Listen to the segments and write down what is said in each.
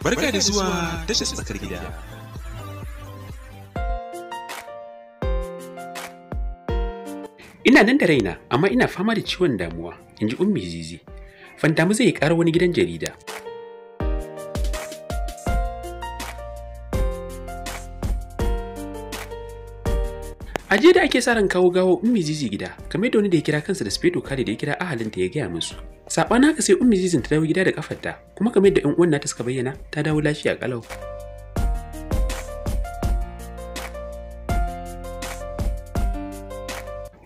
Barka da zuwa tashar tsakar gida. Ina nan da raina, amma ina fama da ciwon damuwa, in ji Ummi Zizi. Fantamu zai ƙara wani gidan jarida. a jiya da ake sa ran kawo gawo ummi zizi gida kamar da wani da ya kira kansa da spedo kare da ya kira ahalinta ya gaya musu na haka sai ummi zizin ta dawo gida da kafarta kuma kamar da yan uwan nata suka bayyana ta dawo lafiya kalau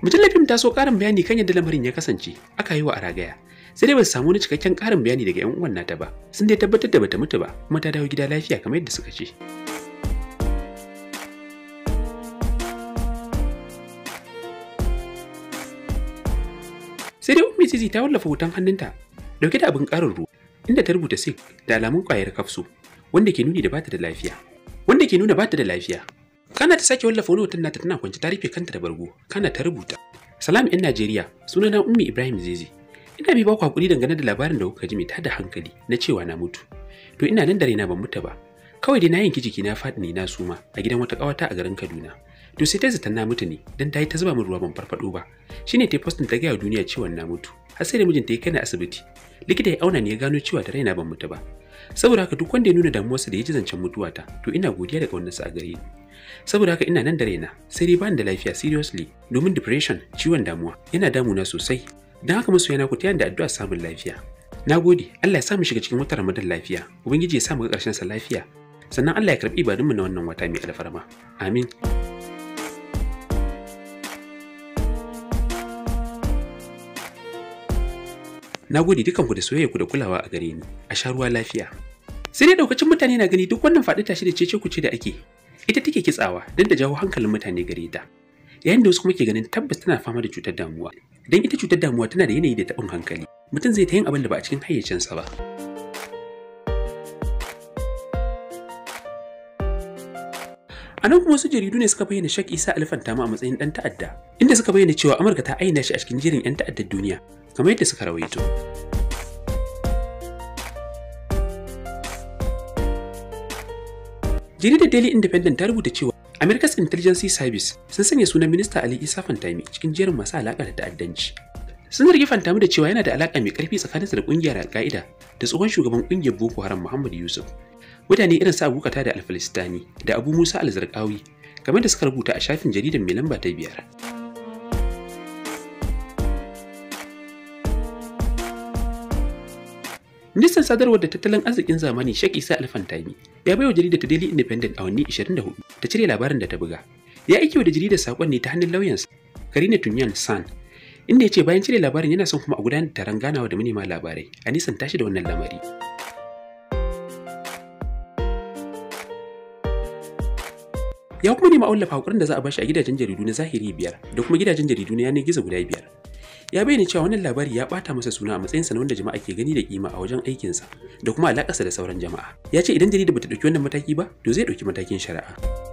mujallar fim ta so karin bayani kan yadda lamarin ya kasance aka yi wa ragaya sai dai ba su samu wani cikakken karin bayani daga yan uwan nata ba sun dai tabbatar da bata mutu ba kuma ta dawo gida lafiya kamar yadda suka ce sai dai ummi zizi ta wallafa hoton hannunta dauke da abin karin ruwa inda ta rubuta sik da alamun kwayar kafso wanda ke nuni da bata da lafiya wanda ke nuna bata da lafiya kana ta sake wallafa wani hoton nata tana kwance ta rufe kanta da bargo kana ta rubuta salam in najeriya sunana ummi ibrahim zizi ina bi ba ku hakuri dangane da labarin da kuka ji mai tada hankali na cewa na mutu to ina nan da raina ban mutu ba kawai dai na yanki jiki na faɗi ne na suma a gidan wata ƙawata a garin kaduna to sai ta zata na mutu ne dan ta yi ta zuba min ruwa ban farfado ba shine ta postin ta gaya duniya cewa na mutu har sai da mijinta ya kai ni asibiti likita ya auna ni ya gano cewa da raina ban mutu ba saboda haka duk wanda ya nuna damuwarsa da ya ji zancen mutuwata to ina godiya da kaunarsa a gare ni saboda haka ina nan da raina sai dai bani da lafiya seriously domin depression ciwon damuwa yana damuna sosai dan haka musu yana ku ta da addu'a samun lafiya na gode Allah ya sa mu shiga cikin wata ramadan lafiya ubangiji ya sa mu ga karshen sa lafiya sannan Allah ya karbi ibadunmu na wannan wata mai alfarma amin Na gode dukanku da soyayya da kulawa a gare ni. A sha ruwa lafiya. Sai dai daukacin mutane na gani duk wannan faɗi tashi da cece kuce da ake. Ita take kitsawa don da jawo hankalin mutane gare ta. Yayin da wasu kuma ke ganin tabbas tana fama da cutar damuwa. Don ita cutar damuwa tana da yanayi da taɓin hankali. Mutum zai ta yin abin da ba a cikin hayyacinsa ba. A nan kuma wasu jaridu ne suka bayyana Shak Isa Alfantama a matsayin dan ta'adda, inda suka bayyana cewa Amurka ta aina shi a cikin jerin 'yan ta'addar duniya kamar yadda suka rawaito. jaridar daily independent ta rubuta cewa america's intelligence service sun sanya sunan minista ali isa fantami cikin jerin masu alaƙa da ta'addanci sun zargi fantami da cewa yana da alaƙa mai ƙarfi tsakanin da ƙungiyar al-qaida da tsohon shugaban ƙungiyar boko haram muhammad yusuf mutane irin sa abokata da alfalistani da abu musa al-zarqawi kamar da suka rubuta a shafin jaridar mai lamba ta biyar Ministan sadarwar da tattalin arzikin zamani Sheikh Isa Alfantami ya bai wa jaridar ta Daily Independent awanni 24 ta cire labarin da ta buga. Ya aiki da jaridar sakon ne ta hannun lauyansa Karina Tunyan San inda ya ce bayan cire labarin yana son kuma a gudanar da taron ganawa da manema labarai a nisan tashi da wannan lamari. ya kuma nema wallafa hakurin da za a bashi a gidajen jaridu na zahiri biyar da kuma gidajen jaridu na yanar gizo guda biyar ya bayyana cewa wannan labari ya bata masa suna a matsayinsa na wanda jama'a ke gani da kima a wajen aikinsa da kuma alakarsa da sauran jama'a ya ce idan jarida bata dauki wannan mataki ba to zai ɗauki matakin shari'a